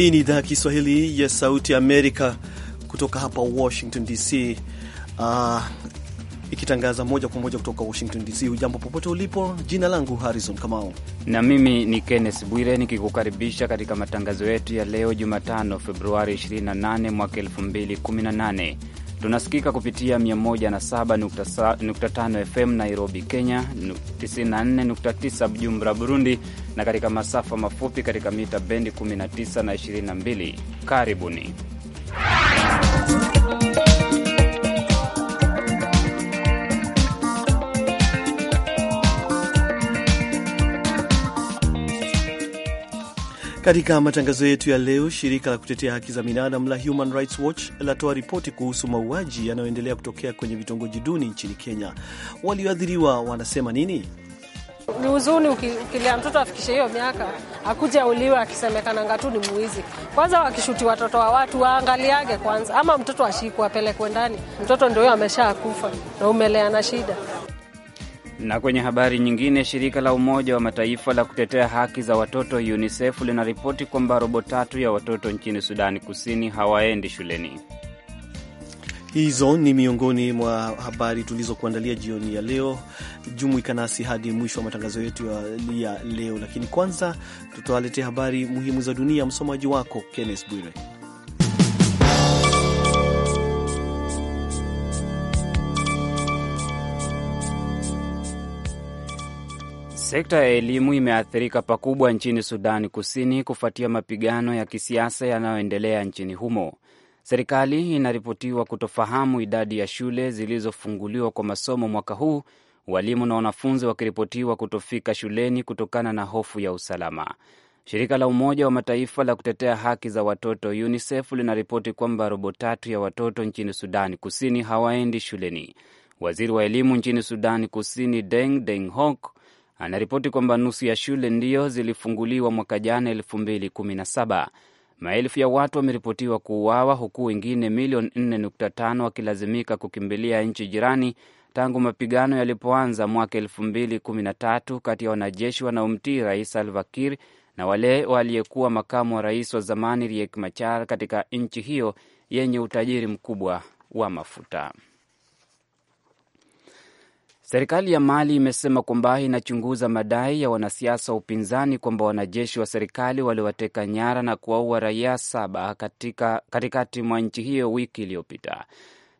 Hii ni idhaa ya Kiswahili ya Sauti Amerika kutoka hapa Washington DC, uh, ah, ikitangaza moja kwa moja kutoka Washington DC. Hujambo popote ulipo, jina langu Harrison Kamau na mimi ni Kenneth Bwire nikikukaribisha katika matangazo yetu ya leo Jumatano, Februari 28 mwaka 2018. Tunasikika kupitia 107.5 FM Nairobi, Kenya, 94.9 Bujumbura, Burundi, na katika masafa mafupi katika mita bendi 19 na 22. Karibuni. Katika matangazo yetu ya leo, shirika la kutetea haki za binadamu la Human Rights Watch latoa ripoti kuhusu mauaji yanayoendelea kutokea kwenye vitongoji duni nchini Kenya. Walioathiriwa wanasema nini? Ni huzuni ukilia mtoto afikishe hiyo miaka akuja auliwe akisemekananga tu ni mwizi. Kwanza wakishuti watoto wa watu waangaliage kwanza, ama mtoto ashikwe apelekwe ndani. Mtoto ndio huyo amesha kufa na umelea na shida na kwenye habari nyingine, shirika la Umoja wa Mataifa la kutetea haki za watoto UNICEF linaripoti kwamba robo tatu ya watoto nchini Sudani Kusini hawaendi shuleni. Hizo ni miongoni mwa habari tulizokuandalia jioni ya leo. Jumuika nasi hadi mwisho wa matangazo yetu ya leo, lakini kwanza tutawaletea habari muhimu za dunia. Msomaji wako Kenneth Bwire. Sekta ya elimu imeathirika pakubwa nchini Sudani Kusini kufuatia mapigano ya kisiasa yanayoendelea nchini humo. Serikali inaripotiwa kutofahamu idadi ya shule zilizofunguliwa kwa masomo mwaka huu, walimu na wanafunzi wakiripotiwa kutofika shuleni kutokana na hofu ya usalama. Shirika la Umoja wa Mataifa la kutetea haki za watoto UNICEF linaripoti kwamba robo tatu ya watoto nchini Sudani Kusini hawaendi shuleni. Waziri wa elimu nchini Sudani Kusini Deng Deng Hok anaripoti kwamba nusu ya shule ndiyo zilifunguliwa mwaka jana 2017. Maelfu ya watu wameripotiwa kuuawa huku wengine milioni 4.5 wakilazimika kukimbilia nchi jirani tangu mapigano yalipoanza mwaka 2013 kati ya wanajeshi wanaomtii Rais Salva Kiir na wale waliyekuwa makamu wa rais wa zamani Riek Machar katika nchi hiyo yenye utajiri mkubwa wa mafuta. Serikali ya Mali imesema kwamba inachunguza madai ya wanasiasa wa upinzani kwamba wanajeshi wa serikali waliwateka nyara na kuwaua raia saba katika katikati mwa nchi hiyo wiki iliyopita.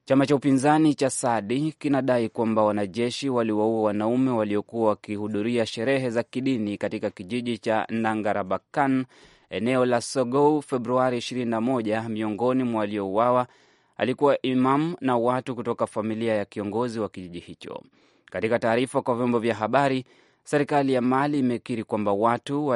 Chama cha upinzani cha Sadi kinadai kwamba wanajeshi waliwaua wanaume waliokuwa wakihudhuria sherehe za kidini katika kijiji cha Nangarabakan, eneo la Sogou, Februari 21. Miongoni mwa waliouawa alikuwa imam na watu kutoka familia ya kiongozi wa kijiji hicho. Katika taarifa kwa vyombo vya habari, serikali ya Mali imekiri kwamba watu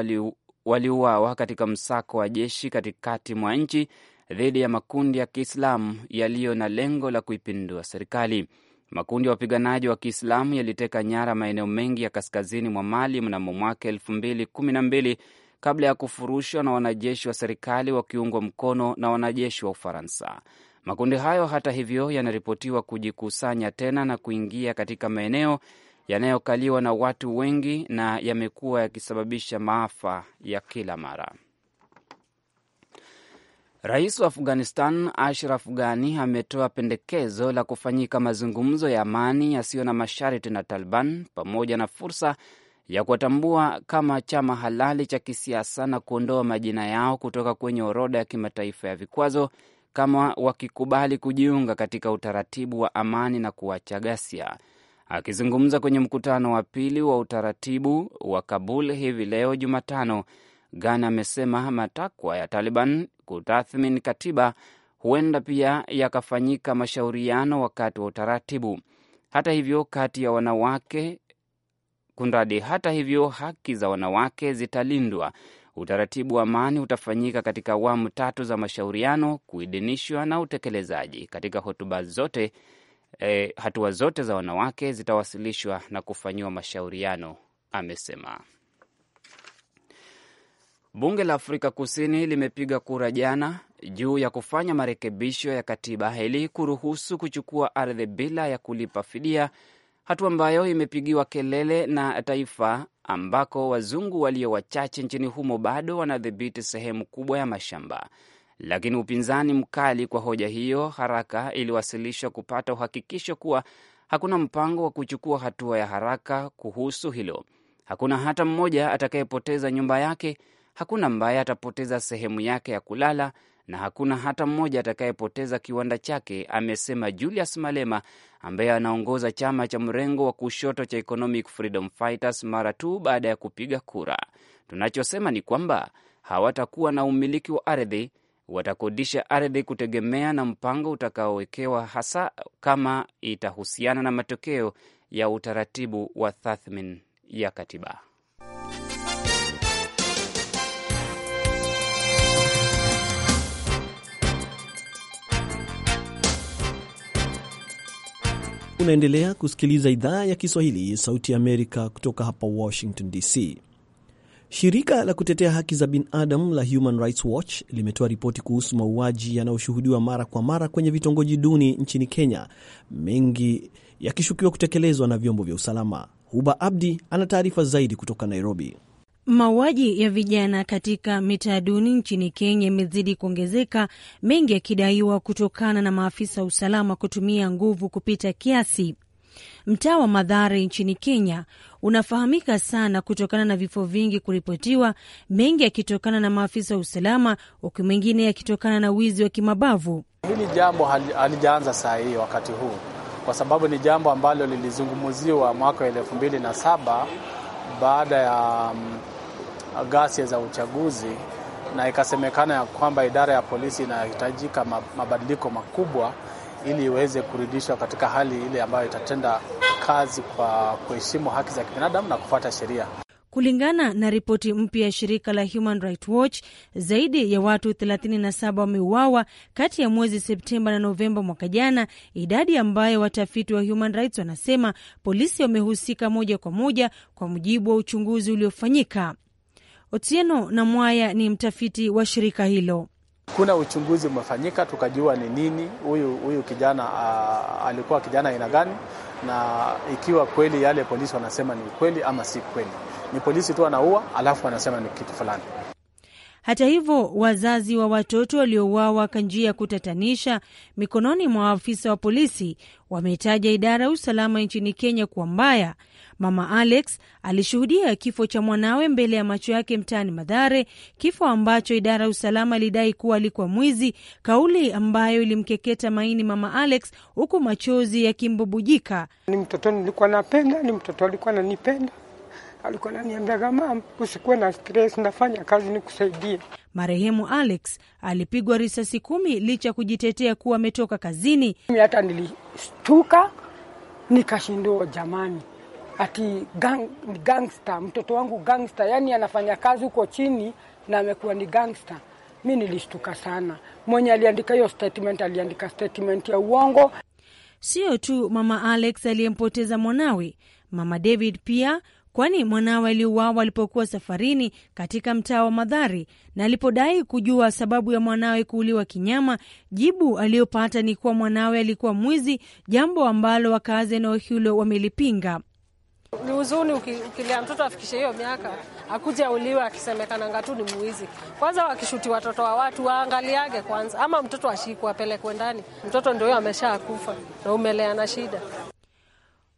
waliuawa wali katika msako wa jeshi katikati mwa nchi dhidi ya makundi ya Kiislamu yaliyo na lengo la kuipindua serikali. Makundi ya wapiganaji wa Kiislamu yaliteka nyara maeneo mengi ya kaskazini mwa Mali mnamo mwaka elfu mbili kumi na mbili kabla ya kufurushwa na wanajeshi wa serikali wakiungwa mkono na wanajeshi wa Ufaransa. Makundi hayo hata hivyo yanaripotiwa kujikusanya tena na kuingia katika maeneo yanayokaliwa na watu wengi na yamekuwa yakisababisha maafa ya kila mara. Rais wa Afghanistan Ashraf Ghani ametoa pendekezo la kufanyika mazungumzo ya amani yasiyo na masharti na Taliban pamoja na fursa ya kuwatambua kama chama halali cha kisiasa na kuondoa majina yao kutoka kwenye orodha ya kimataifa ya vikwazo kama wakikubali kujiunga katika utaratibu wa amani na kuacha ghasia. Akizungumza kwenye mkutano wa pili wa utaratibu wa Kabul hivi leo Jumatano, gan amesema matakwa ya Taliban kutathmini katiba huenda pia yakafanyika mashauriano wakati wa utaratibu. Hata hivyo kati ya wanawake kunradi, hata hivyo haki za wanawake zitalindwa Utaratibu wa amani utafanyika katika awamu tatu za mashauriano, kuidhinishwa na utekelezaji. Katika hotuba zote e, hatua zote za wanawake zitawasilishwa na kufanyiwa mashauriano, amesema. Bunge la Afrika Kusini limepiga kura jana juu ya kufanya marekebisho ya katiba ili kuruhusu kuchukua ardhi bila ya kulipa fidia hatua ambayo imepigiwa kelele na taifa ambako wazungu walio wachache nchini humo bado wanadhibiti sehemu kubwa ya mashamba. Lakini upinzani mkali kwa hoja hiyo haraka iliwasilishwa kupata uhakikisho kuwa hakuna mpango wa kuchukua hatua ya haraka kuhusu hilo. Hakuna hata mmoja atakayepoteza nyumba yake, hakuna ambaye atapoteza sehemu yake ya kulala, na hakuna hata mmoja atakayepoteza kiwanda chake, amesema Julius Malema ambaye anaongoza chama cha mrengo wa kushoto cha Economic Freedom Fighters mara tu baada ya kupiga kura. Tunachosema ni kwamba hawatakuwa na umiliki wa ardhi, watakodisha ardhi kutegemea na mpango utakaowekewa, hasa kama itahusiana na matokeo ya utaratibu wa tathmini ya katiba. Unaendelea kusikiliza idhaa ya Kiswahili ya Sauti ya Amerika kutoka hapa Washington DC. Shirika la kutetea haki za binadamu la Human Rights Watch limetoa ripoti kuhusu mauaji yanayoshuhudiwa mara kwa mara kwenye vitongoji duni nchini Kenya, mengi yakishukiwa kutekelezwa na vyombo vya usalama. Huba Abdi ana taarifa zaidi kutoka Nairobi. Mauaji ya vijana katika mitaa duni nchini Kenya imezidi kuongezeka, mengi yakidaiwa kutokana na maafisa wa usalama kutumia nguvu kupita kiasi. Mtaa wa madhare nchini Kenya unafahamika sana kutokana na vifo vingi kuripotiwa, mengi yakitokana na maafisa wa usalama, huku mengine yakitokana na wizi wa kimabavu. Hili jambo halijaanza saa hii wakati huu, kwa sababu ni jambo ambalo lilizungumziwa mwaka wa elfu mbili na saba baada ya mm, ghasia za uchaguzi, na ikasemekana ya kwamba idara ya polisi inahitajika mabadiliko makubwa ili iweze kurudishwa katika hali ile ambayo itatenda kazi kwa kuheshimu haki za kibinadamu na kufuata sheria. Kulingana na ripoti mpya ya shirika la Human Rights Watch, zaidi ya watu 37 wameuawa kati ya mwezi Septemba na Novemba mwaka jana, idadi ambayo watafiti wa Human Rights wanasema polisi wamehusika moja kwa moja, kwa mujibu wa uchunguzi uliofanyika. Otieno Namwaya ni mtafiti wa shirika hilo. Kuna uchunguzi umefanyika, tukajua ni nini huyu huyu kijana a, alikuwa kijana aina gani, na ikiwa kweli yale polisi wanasema ni kweli ama si kweli. Ni polisi tu anaua alafu anasema ni kitu fulani. Hata hivyo wazazi wa watoto waliouawa kwa njia ya kutatanisha mikononi mwa afisa wa polisi wametaja idara ya usalama nchini Kenya kuwa mbaya Mama Alex alishuhudia kifo cha mwanawe mbele ya macho yake mtaani Madhare, kifo ambacho idara ya usalama ilidai kuwa alikuwa mwizi, kauli ambayo ilimkeketa maini Mama Alex huku machozi yakimbubujika. Ni mtoto nilikuwa napenda, ni mtoto alikuwa nanipenda alikuwa naniambiaga mama, usikuwe na stress, nafanya kazi nikusaidie. Marehemu Alex alipigwa risasi kumi licha ya kujitetea kuwa ametoka kazini. Hata nilishtuka nikashindua jamani ati gang, gangster mtoto wangu gangster, yani anafanya kazi huko chini na amekuwa ni gangster. Mi nilishtuka sana. Mwenye aliandika hiyo statement aliandika statement ya uongo. Sio tu mama Alex aliyempoteza mwanawe, mama David pia, kwani mwanawe aliuawa alipokuwa safarini katika mtaa wa Madhari, na alipodai kujua sababu ya mwanawe kuuliwa kinyama, jibu aliyopata ni kuwa mwanawe alikuwa mwizi, jambo ambalo wakazi eneo hilo wamelipinga. Ni huzuni ukilia mtoto afikishe hiyo miaka akuja auliwe akisemekananga tu ni mwizi. Kwanza wakishuti watoto wa watu waangaliage kwanza, ama mtoto ashikwe apelekwe ndani. Mtoto ndio huyo amesha kufa na umelea na shida.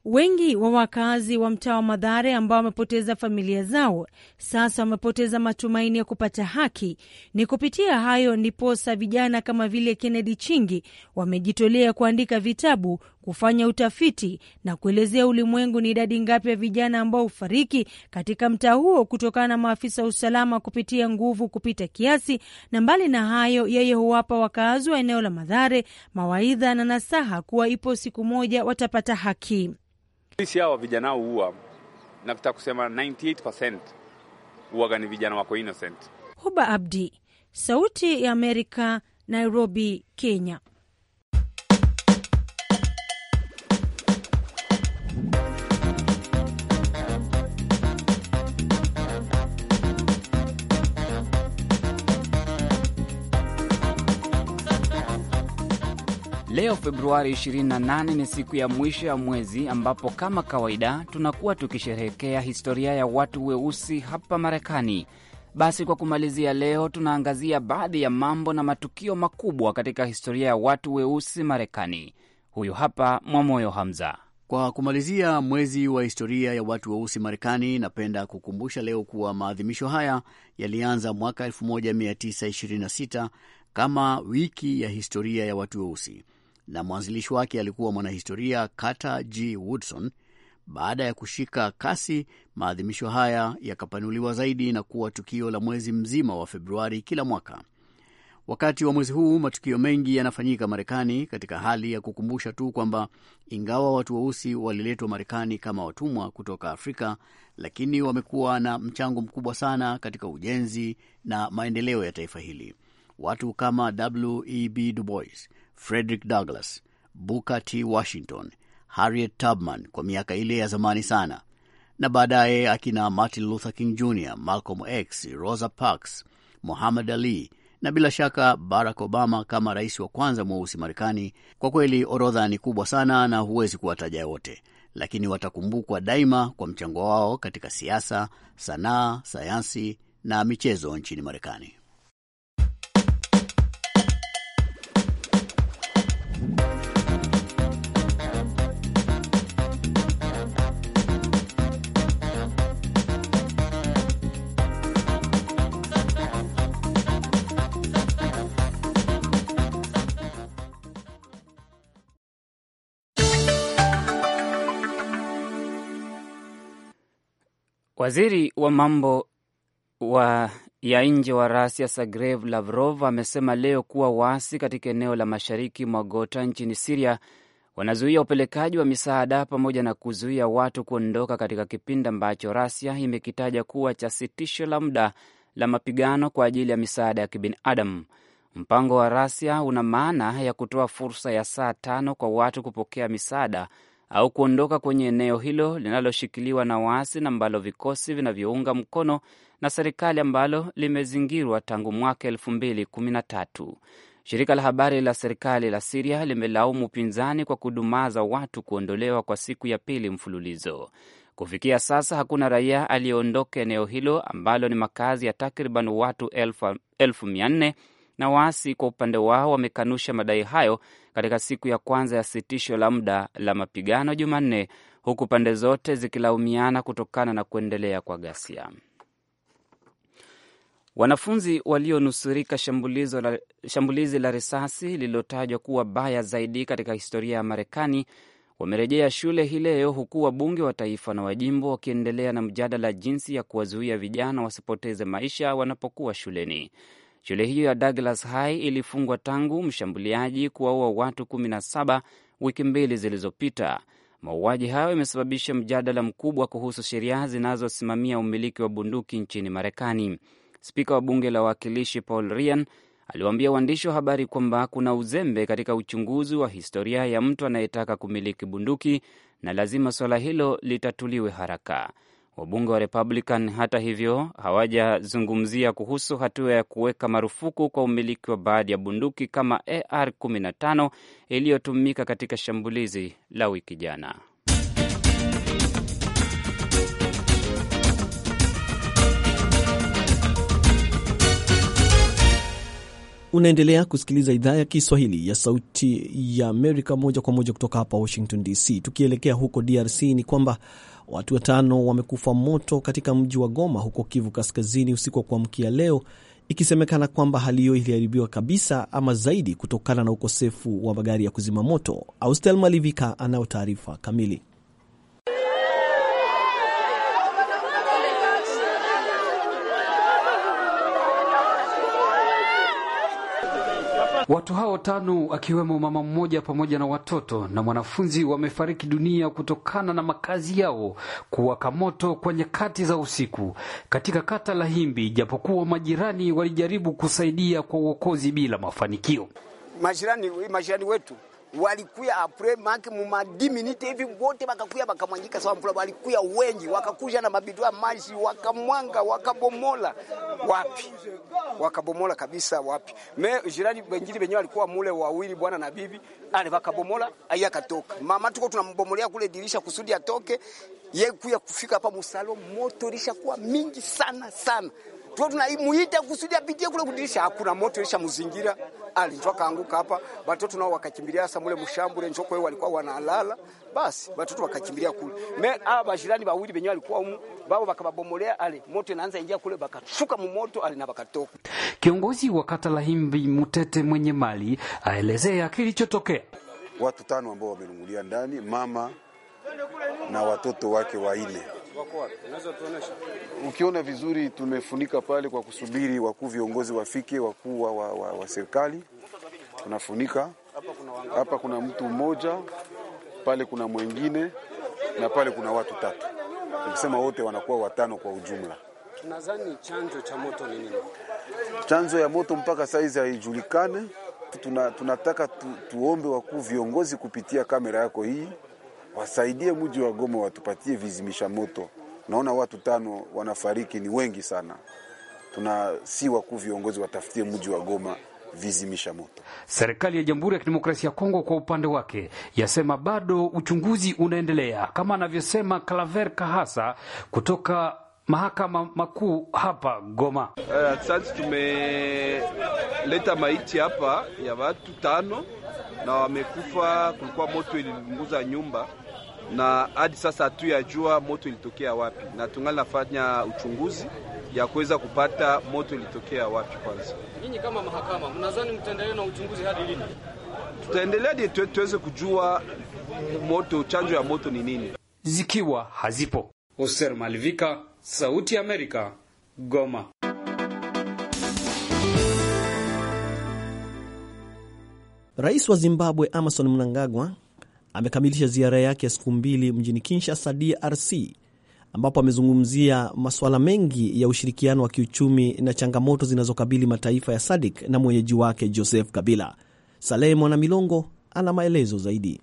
Wengi wa wakazi wa mtaa wa Madhare ambao wamepoteza familia zao sasa wamepoteza matumaini ya kupata haki. Ni kupitia hayo ndiposa vijana kama vile Kennedy Chingi wamejitolea kuandika vitabu, kufanya utafiti na kuelezea ulimwengu ni idadi ngapi ya vijana ambao hufariki katika mtaa huo kutokana na maafisa wa usalama kupitia nguvu kupita kiasi. Na mbali na hayo, yeye huwapa wakazi wa eneo la Madhare mawaidha na nasaha kuwa ipo siku moja watapata haki. Sisi hawa vijana hao huwa nataka kusema 98% huwaga ni vijana wako innocent. Huba Abdi, Sauti ya Amerika, Nairobi, Kenya. Leo Februari 28 ni siku ya mwisho ya mwezi ambapo kama kawaida tunakuwa tukisherehekea historia ya watu weusi hapa Marekani. Basi kwa kumalizia, leo tunaangazia baadhi ya mambo na matukio makubwa katika historia ya watu weusi Marekani. Huyu hapa Mwamoyo Hamza. Kwa kumalizia mwezi wa historia ya watu weusi Marekani, napenda kukumbusha leo kuwa maadhimisho haya yalianza mwaka 1926 kama wiki ya historia ya watu weusi na mwanzilishi wake alikuwa mwanahistoria Carter G. Woodson. Baada ya kushika kasi, maadhimisho haya yakapanuliwa zaidi na kuwa tukio la mwezi mzima wa Februari kila mwaka. Wakati wa mwezi huu, matukio mengi yanafanyika Marekani katika hali ya kukumbusha tu kwamba ingawa watu weusi waliletwa Marekani kama watumwa kutoka Afrika, lakini wamekuwa na mchango mkubwa sana katika ujenzi na maendeleo ya taifa hili. Watu kama W. E du Bois Frederick Douglass, Booker T. Washington, Harriet Tubman kwa miaka ile ya zamani sana, na baadaye akina Martin Luther King Jr, Malcolm X, Rosa Parks, Muhammad Ali na bila shaka Barack Obama kama rais wa kwanza mweusi Marekani. Kwa kweli orodha ni kubwa sana na huwezi kuwataja wote, lakini watakumbukwa daima kwa mchango wao katika siasa, sanaa, sayansi na michezo nchini Marekani. Waziri wa mambo wa ya nje wa Rasia Sergey Lavrov amesema leo kuwa waasi katika eneo la mashariki mwa Gota nchini Siria wanazuia upelekaji wa misaada pamoja na kuzuia watu kuondoka katika kipindi ambacho Rasia imekitaja kuwa cha sitisho la muda la mapigano kwa ajili ya misaada ya kibinadamu. Mpango wa Rasia una maana ya kutoa fursa ya saa tano kwa watu kupokea misaada au kuondoka kwenye eneo hilo linaloshikiliwa na waasi na ambalo vikosi vinavyounga mkono na serikali ambalo limezingirwa tangu mwaka elfu mbili kumi na tatu. Shirika la habari la serikali la Siria limelaumu upinzani kwa kudumaza watu kuondolewa kwa siku ya pili mfululizo. Kufikia sasa hakuna raia aliyeondoka eneo hilo ambalo ni makazi ya takriban watu elfu mia nne na waasi kwa upande wao wamekanusha madai hayo katika siku ya kwanza ya sitisho la muda la mapigano Jumanne, huku pande zote zikilaumiana kutokana na kuendelea kwa ghasia. Wanafunzi walionusurika shambulizi la risasi lililotajwa kuwa baya zaidi katika historia ya Marekani wamerejea shule hii leo, huku wabunge wa taifa na wajimbo wakiendelea na mjadala jinsi ya kuwazuia vijana wasipoteze maisha wanapokuwa shuleni. Shule hiyo ya Douglas High ilifungwa tangu mshambuliaji kuwaua watu 17 wiki mbili zilizopita. Mauaji hayo yamesababisha mjadala mkubwa kuhusu sheria zinazosimamia umiliki wa bunduki nchini Marekani. Spika wa bunge la wawakilishi Paul Ryan aliwaambia waandishi wa habari kwamba kuna uzembe katika uchunguzi wa historia ya mtu anayetaka kumiliki bunduki na lazima suala hilo litatuliwe haraka. Wabunge wa Republican hata hivyo hawajazungumzia kuhusu hatua ya kuweka marufuku kwa umiliki wa baadhi ya bunduki kama AR-15 iliyotumika katika shambulizi la wiki jana. Unaendelea kusikiliza idhaa ya Kiswahili ya Sauti ya Amerika moja kwa moja kutoka hapa Washington DC. Tukielekea huko DRC, ni kwamba Watu watano wamekufa moto katika mji wa Goma huko Kivu Kaskazini usiku wa kuamkia leo, ikisemekana kwamba hali hiyo iliharibiwa kabisa ama zaidi kutokana na ukosefu wa magari ya kuzima moto. Austel Malivika anayo taarifa kamili. Watu hao tano akiwemo mama mmoja pamoja na watoto na mwanafunzi wamefariki dunia kutokana na makazi yao kuwaka moto kwa nyakati za usiku katika kata la Himbi, japokuwa majirani walijaribu kusaidia kwa uokozi bila mafanikio. Majirani, majirani wetu walikuya apre maki muma 10 minute hivi wote wakakuya wakamwangika sawa mpula, walikuya wengi wakakuja na mabidu ya maji wakamwanga wakabomola wapi, wakabomola kabisa wapi. Me jirani wengine wenyewe walikuwa mule wawili, bwana na bibi, ale wakabomola aya katoka mama, tuko tunambomolea kule dirisha kusudi atoke yeye, kuya kufika hapa musalo, moto ilishakuwa mingi sana sana, tuko tunaimuita kusudi apitie kule kudirisha, hakuna moto muzingira ali alinjua akaanguka hapa, watoto nao wakakimbilia hasa mule mshambule njoko wao walikuwa wanalala, basi watoto wakakimbilia kule. Me aba bajirani bawili benye walikuwa umu, babo bakababomolea ale moto inaanza ingia kule, bakashuka mumoto ale na bakatoka. Kiongozi wa kata la Himbi Mutete mwenye mali aelezea kilichotokea. Watu tano ambao wamenungulia ndani, mama na watoto wake waine wako wapi? Unaweza tuonesha? Ukiona vizuri tumefunika pale kwa kusubiri wakuu viongozi wafike, wakuu wa, wa, wa, wa serikali tunafunika hapa. Kuna mtu mmoja pale, kuna mwengine na pale kuna watu tatu, ukisema wote wanakuwa watano kwa ujumla. Tunadhani chanzo cha moto ni nini? Chanzo ya moto mpaka saizi haijulikane. Tuna, tunataka tu, tuombe wakuu viongozi kupitia kamera yako hii wasaidie mji wa Goma, watupatie vizimisha moto. Naona watu tano wanafariki, ni wengi sana. Tuna si wakuu viongozi watafutie mji wa Goma vizimisha moto. Serikali ya Jamhuri ya Kidemokrasia ya Kongo kwa upande wake yasema bado uchunguzi unaendelea, kama anavyosema Claver Kahasa kutoka mahakama makuu hapa Goma. Uh, tumeleta maiti hapa ya watu tano na wamekufa, kulikuwa moto ililunguza nyumba na hadi sasa hatu jua moto ilitokea wapi, na tungali nafanya uchunguzi ya kuweza kupata moto ilitokea wapi. Kwanza nyinyi kama mahakama mnadhani mtaendelea na uchunguzi hadi lini? Tutaendelea tu, tuweze kujua moto, chanjo ya moto ni nini. Zikiwa hazipo. Oser Malvika, Sauti ya Amerika, Goma. Rais wa Zimbabwe amason Mnangagwa amekamilisha ziara yake ya siku mbili mjini Kinshasa, DRC, ambapo amezungumzia masuala mengi ya ushirikiano wa kiuchumi na changamoto zinazokabili mataifa ya SADIK na mwenyeji wake Joseph Kabila. Saleh Mwana Milongo ana maelezo zaidi.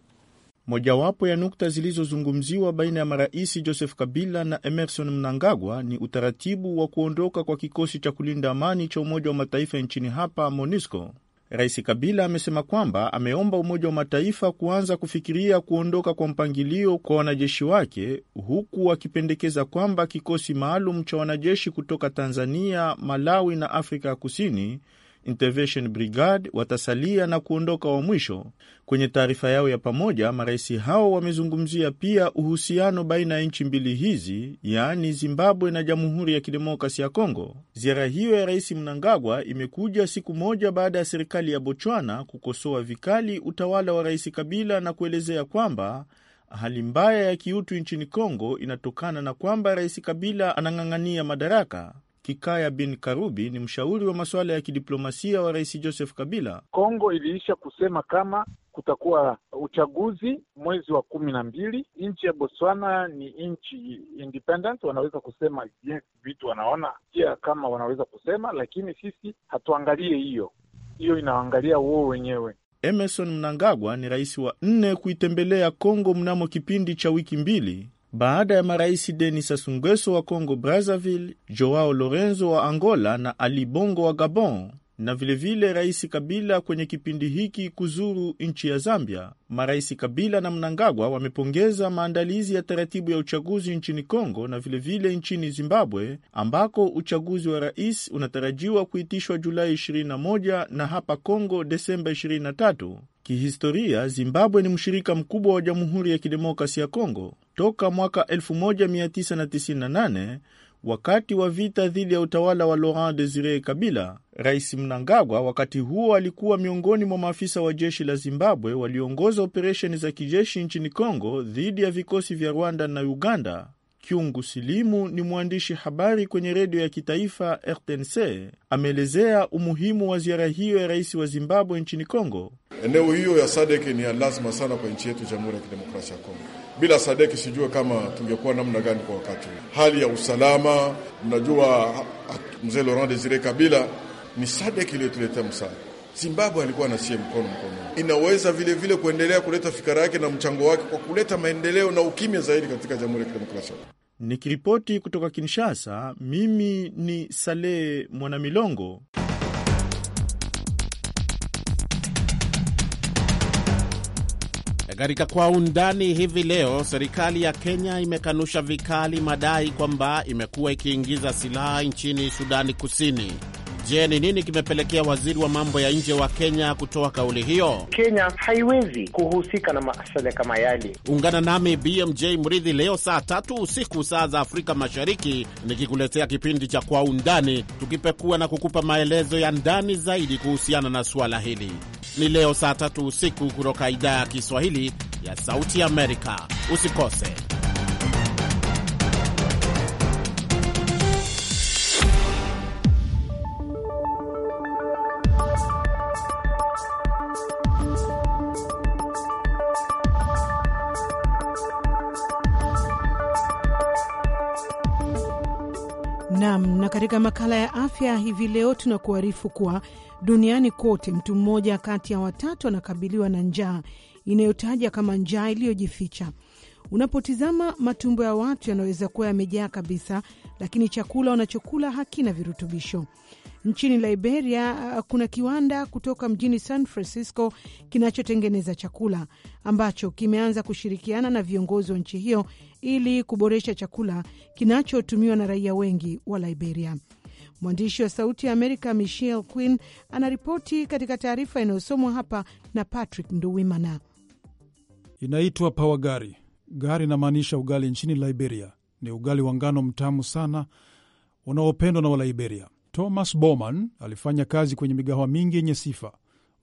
Mojawapo ya nukta zilizozungumziwa baina ya marais Joseph Kabila na Emerson Mnangagwa ni utaratibu wa kuondoka kwa kikosi cha kulinda amani cha Umoja wa Mataifa nchini hapa, MONUSCO. Rais Kabila amesema kwamba ameomba Umoja wa Mataifa kuanza kufikiria kuondoka kwa mpangilio kwa wanajeshi wake, huku akipendekeza kwamba kikosi maalum cha wanajeshi kutoka Tanzania, Malawi na Afrika ya Kusini Intervention Brigade watasalia na kuondoka wa mwisho. Kwenye taarifa yao ya pamoja, marais hao wamezungumzia pia uhusiano baina ya nchi mbili hizi, yaani Zimbabwe na Jamhuri ya Kidemokrasi ya Kongo. Ziara hiyo ya Rais Mnangagwa imekuja siku moja baada ya serikali ya Botswana kukosoa vikali utawala wa Rais Kabila na kuelezea kwamba hali mbaya ya kiutu nchini Kongo inatokana na kwamba Rais Kabila anang'ang'ania madaraka. Kikaya bin Karubi ni mshauri wa masuala ya kidiplomasia wa Rais Joseph Kabila. Kongo iliisha kusema kama kutakuwa uchaguzi mwezi wa kumi na mbili. Nchi ya Botswana ni nchi independent, wanaweza kusema yes, vitu wanaona pia kama wanaweza kusema, lakini sisi hatuangalie hiyo hiyo, inaangalia wao wenyewe. Emerson Mnangagwa ni rais wa nne kuitembelea Kongo mnamo kipindi cha wiki mbili baada ya marais Denis Sassou Nguesso wa Congo Brazzaville, Joao Lorenzo wa Angola na Ali Bongo wa Gabon na vilevile Rais Kabila kwenye kipindi hiki kuzuru nchi ya Zambia. Marais Kabila na Mnangagwa wamepongeza maandalizi ya taratibu ya uchaguzi nchini Kongo na vilevile vile nchini Zimbabwe ambako uchaguzi wa rais unatarajiwa kuitishwa Julai 21 na hapa Kongo Desemba 23. Kihistoria, Zimbabwe ni mshirika mkubwa wa Jamhuri ya Kidemokrasi ya Kongo toka mwaka 1998 wakati wa vita dhidi ya utawala wa Laurent Desire Kabila Rais Mnangagwa wakati huo alikuwa miongoni mwa maafisa wa jeshi la Zimbabwe walioongoza operesheni za kijeshi nchini Kongo dhidi ya vikosi vya Rwanda na Uganda. Kyungu Silimu ni mwandishi habari kwenye redio ya kitaifa RTNC. Ameelezea umuhimu wa ziara hiyo ya rais wa Zimbabwe nchini Kongo. Eneo hiyo ya Sadeki ni ya lazima sana kwa nchi yetu, Jamhuri ya Kidemokrasia ya Kongo. Bila sadeki sijue kama tungekuwa namna gani kwa wakati huu, hali ya usalama. Mnajua mzee Laurent Desire Kabila ni Sadek iliyotuletea msaada. Zimbabwe alikuwa na sie mkono mkono, inaweza vilevile vile kuendelea kuleta fikara yake na mchango wake kwa kuleta maendeleo na ukimya zaidi katika Jamhuri ya Kidemokrasia. Nikiripoti kutoka Kinshasa, mimi ni Saleh Mwanamilongo. Katika Kwa Undani hivi leo, serikali ya Kenya imekanusha vikali madai kwamba imekuwa ikiingiza silaha nchini Sudani Kusini. Je, ni nini kimepelekea waziri wa mambo ya nje wa Kenya kutoa kauli hiyo? Kenya haiwezi kuhusika na masuala kama yale. Ungana nami BMJ Mridhi leo saa tatu usiku saa za Afrika Mashariki, nikikuletea kipindi cha Kwa Undani, tukipekua na kukupa maelezo ya ndani zaidi kuhusiana na suala hili. Ni leo saa tatu usiku kutoka idhaa ya Kiswahili ya Sauti Amerika. Usikose. makala ya afya hivi leo tunakuarifu kuwa duniani kote mtu mmoja kati ya watatu anakabiliwa na njaa inayotaja kama njaa iliyojificha. Unapotizama matumbo ya watu yanaweza kuwa yamejaa kabisa, lakini chakula wanachokula hakina virutubisho. Nchini Liberia uh, kuna kiwanda kutoka mjini San Francisco kinachotengeneza chakula ambacho kimeanza kushirikiana na viongozi wa nchi hiyo ili kuboresha chakula kinachotumiwa na raia wengi wa Liberia. Mwandishi wa Sauti ya Amerika Michelle Quinn anaripoti katika taarifa inayosomwa hapa na Patrick Nduwimana. Inaitwa pawa Gari inamaanisha ugali nchini Liberia. Ni ugali wa ngano mtamu sana unaopendwa na Waliberia. Thomas Bowman alifanya kazi kwenye migahawa mingi yenye sifa.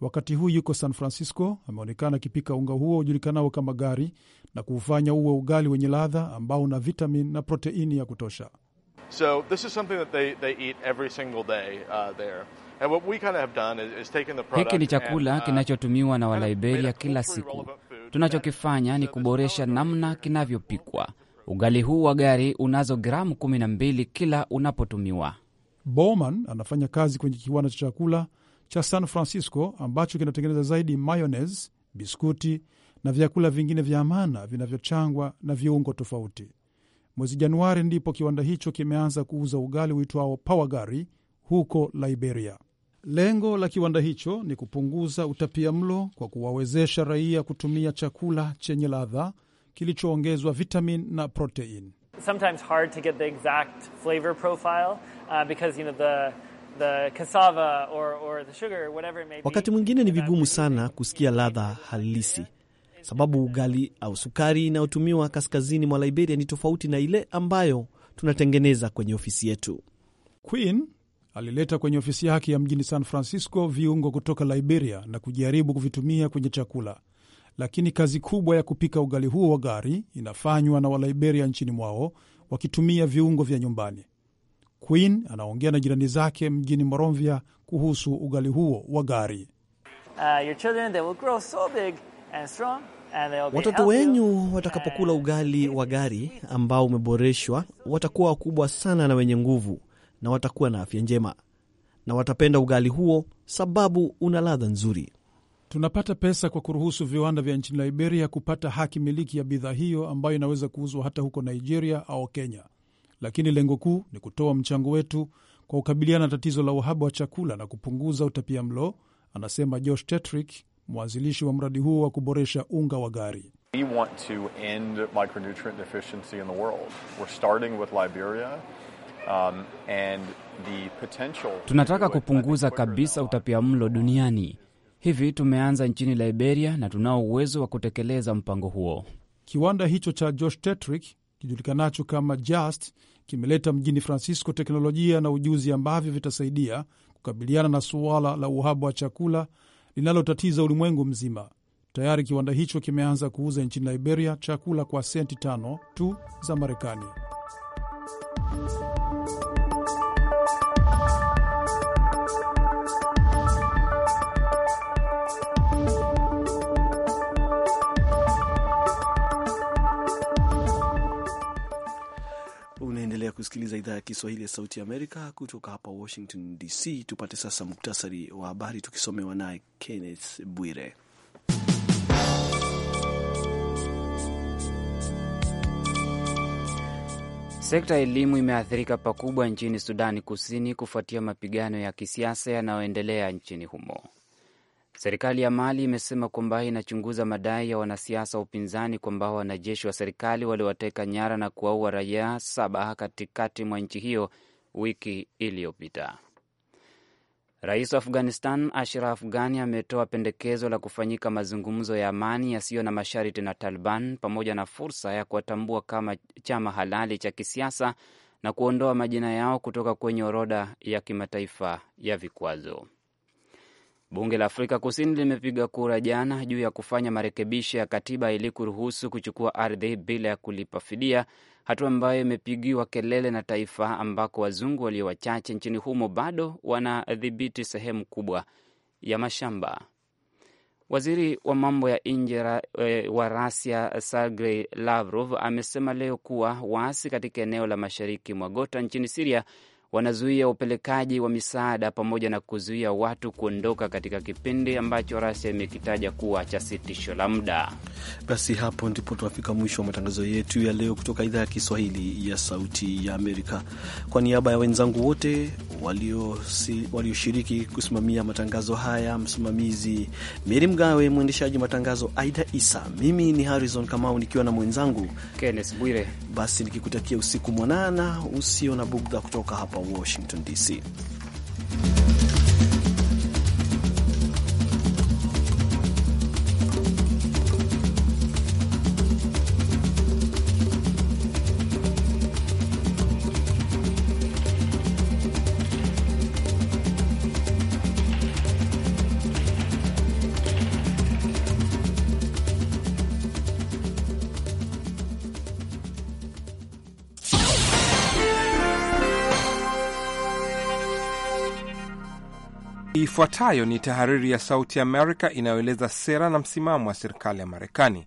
Wakati huu yuko San Francisco, ameonekana akipika unga huo ujulikanao kama gari na kuufanya uwe ugali wenye ladha ambao una vitamin na proteini ya kutosha. So this is something that they, they eat every single day uh, there. And what we kind of have done is, is taken the product. Hiki ni chakula and, uh, kinachotumiwa na Waliberia kila siku. Tunachokifanya ni kuboresha namna kinavyopikwa. Ugali huu wa gari unazo gramu 12 kila unapotumiwa. Bowman anafanya kazi kwenye kiwanda cha chakula cha San Francisco ambacho kinatengeneza zaidi mayonnaise, biskuti na vyakula vingine vya maana vinavyochangwa na viungo tofauti. Mwezi Januari ndipo kiwanda hicho kimeanza kuuza ugali uitwao pawagari huko Liberia. Lengo la kiwanda hicho ni kupunguza utapia mlo kwa kuwawezesha raia kutumia chakula chenye ladha kilichoongezwa vitamin na protein. Wakati mwingine ni vigumu sana kusikia ladha halisi sababu ugali au sukari inayotumiwa kaskazini mwa Liberia ni tofauti na ile ambayo tunatengeneza kwenye ofisi yetu. Queen alileta kwenye ofisi yake ya mjini San Francisco viungo kutoka Liberia na kujaribu kuvitumia kwenye chakula, lakini kazi kubwa ya kupika ugali huo wa gari inafanywa na Waliberia nchini mwao wakitumia viungo vya nyumbani. Queen anaongea na jirani zake mjini Moromvia kuhusu ugali huo wa gari. Uh, your children, they will grow so big. Watoto wenyu watakapokula ugali wa gari ambao umeboreshwa, watakuwa wakubwa sana na wenye nguvu, na watakuwa na afya njema, na watapenda ugali huo sababu una ladha nzuri. Tunapata pesa kwa kuruhusu viwanda vya nchini Liberia kupata haki miliki ya bidhaa hiyo ambayo inaweza kuuzwa hata huko Nigeria au Kenya, lakini lengo kuu ni kutoa mchango wetu kwa kukabiliana na tatizo la uhaba wa chakula na kupunguza utapia mlo, anasema Josh Tetrick, mwanzilishi wa mradi huo wa kuboresha unga wa gari. Um, and the potential... tunataka kupunguza kabisa utapia mlo duniani. Hivi tumeanza nchini Liberia na tunao uwezo wa kutekeleza mpango huo. Kiwanda hicho cha Josh Tetrick kijulikanacho kama Just kimeleta mjini Francisco teknolojia na ujuzi ambavyo vitasaidia kukabiliana na suala la uhaba wa chakula linalotatiza ulimwengu mzima. Tayari kiwanda hicho kimeanza kuuza nchini Liberia chakula kwa senti tano tu za Marekani. kusikiliza idhaa ya Kiswahili ya Sauti ya Amerika kutoka hapa Washington DC. Tupate sasa muktasari wa habari tukisomewa naye Kenneth Bwire. Sekta ya elimu imeathirika pakubwa nchini Sudani Kusini kufuatia mapigano ya kisiasa yanayoendelea nchini humo. Serikali ya Mali imesema kwamba inachunguza madai ya wanasiasa wa upinzani kwamba wanajeshi wa serikali waliwateka nyara na kuwaua raia saba katikati mwa nchi hiyo wiki iliyopita. Rais wa Afghanistan Ashraf Ghani ametoa pendekezo la kufanyika mazungumzo ya amani yasiyo na masharti na Taliban pamoja na fursa ya kuwatambua kama chama halali cha kisiasa na kuondoa majina yao kutoka kwenye orodha ya kimataifa ya vikwazo. Bunge la Afrika Kusini limepiga kura jana juu ya kufanya marekebisho ya katiba ili kuruhusu kuchukua ardhi bila ya kulipa fidia, hatua ambayo imepigiwa kelele na taifa ambako wazungu walio wachache nchini humo bado wanadhibiti sehemu kubwa ya mashamba. Waziri wa mambo ya nje e, wa Rasia Sergey Lavrov amesema leo kuwa waasi katika eneo la mashariki mwa Gota nchini Siria wanazuia upelekaji wa misaada pamoja na kuzuia watu kuondoka katika kipindi ambacho Rasia imekitaja kuwa cha sitisho la muda. Basi hapo ndipo tunafika mwisho wa matangazo yetu ya leo kutoka idhaa ya Kiswahili ya Sauti ya Amerika. Kwa niaba ya wenzangu wote walioshiriki walio kusimamia matangazo haya, msimamizi Meri Mgawe, mwendeshaji matangazo Aida Isa, mimi ni Harrison Kamau nikiwa na mwenzangu Kenneth Bwire, basi nikikutakia usiku mwanana usio na bugdha kutoka hapa Washington DC. Ifuatayo ni tahariri ya Sauti Amerika inayoeleza sera na msimamo wa serikali ya Marekani.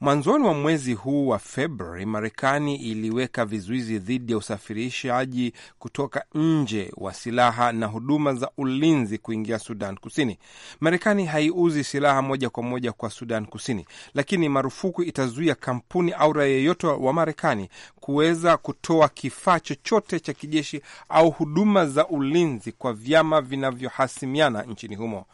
Mwanzoni mwa mwezi huu wa Februari, Marekani iliweka vizuizi dhidi ya usafirishaji kutoka nje wa silaha na huduma za ulinzi kuingia Sudan Kusini. Marekani haiuzi silaha moja kwa moja kwa Sudan Kusini, lakini marufuku itazuia kampuni au raia yeyote wa Marekani kuweza kutoa kifaa chochote cha kijeshi au huduma za ulinzi kwa vyama vinavyohasimiana nchini humo.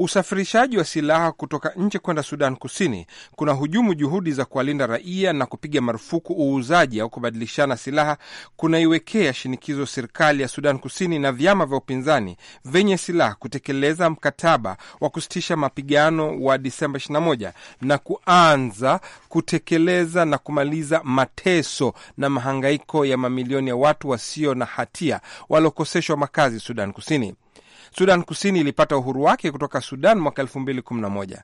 Usafirishaji wa silaha kutoka nje kwenda Sudan Kusini kuna hujumu juhudi za kuwalinda raia na kupiga marufuku uuzaji au kubadilishana silaha kunaiwekea shinikizo serikali ya Sudan Kusini na vyama vya upinzani vyenye silaha kutekeleza mkataba wa kusitisha mapigano wa Disemba 21 na kuanza kutekeleza na kumaliza mateso na mahangaiko ya mamilioni ya watu wasio na hatia waliokoseshwa makazi Sudan Kusini. Sudan Kusini ilipata uhuru wake kutoka Sudan mwaka 2011.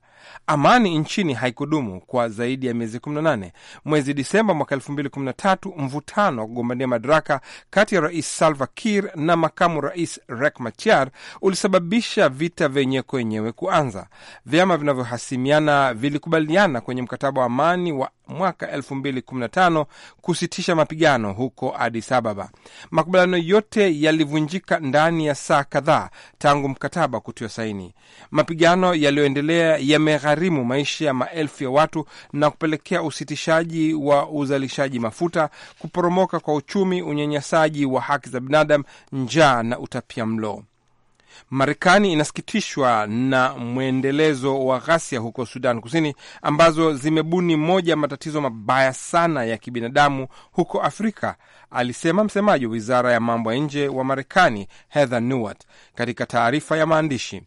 Amani nchini haikudumu kwa zaidi ya miezi 18. Mwezi Disemba mwaka 2013, mvutano wa kugombania madaraka kati ya Rais Salva Kiir na makamu rais Riek Machar ulisababisha vita vyenye kwenyewe wenyewe kuanza. Vyama vinavyohasimiana vilikubaliana kwenye mkataba wa amani wa mwaka 2015 kusitisha mapigano huko Addis Ababa. Makubaliano yote yalivunjika ndani ya saa kadhaa tangu mkataba kutiwa saini. Mapigano yaliyoendelea yamegharimu maisha ya maelfu ya watu na kupelekea usitishaji wa uzalishaji mafuta, kuporomoka kwa uchumi, unyanyasaji wa haki za binadamu, njaa na utapia mlo. Marekani inasikitishwa na mwendelezo wa ghasia huko Sudan Kusini ambazo zimebuni moja ya matatizo mabaya sana ya kibinadamu huko Afrika, alisema msemaji wa wizara ya mambo ya nje wa Marekani Heather Nauert katika taarifa ya maandishi.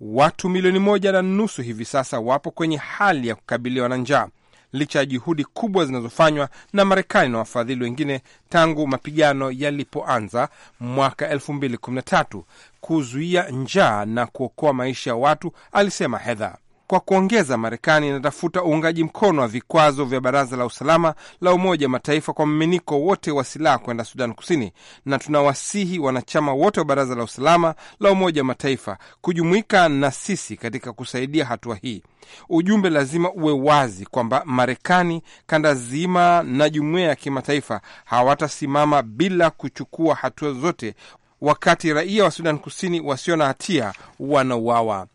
Watu milioni moja na nusu hivi sasa wapo kwenye hali ya kukabiliwa na njaa licha ya juhudi kubwa zinazofanywa na Marekani na wafadhili wengine tangu mapigano yalipoanza mwaka 2013 kuzuia njaa na kuokoa maisha ya watu, alisema Hedha. Kwa kuongeza, Marekani inatafuta uungaji mkono wa vikwazo vya Baraza la Usalama la Umoja wa Mataifa kwa mmiminiko wote wa silaha kwenda Sudan Kusini, na tunawasihi wanachama wote wa Baraza la Usalama la Umoja wa Mataifa kujumuika na sisi katika kusaidia hatua hii. Ujumbe lazima uwe wazi kwamba Marekani, kanda zima na jumuiya ya kimataifa hawatasimama bila kuchukua hatua zote wakati raia wa Sudan Kusini wasio na hatia wanauawa.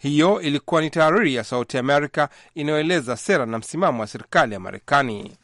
Hiyo ilikuwa ni tahariri ya Sauti Amerika inayoeleza sera na msimamo wa serikali ya Marekani.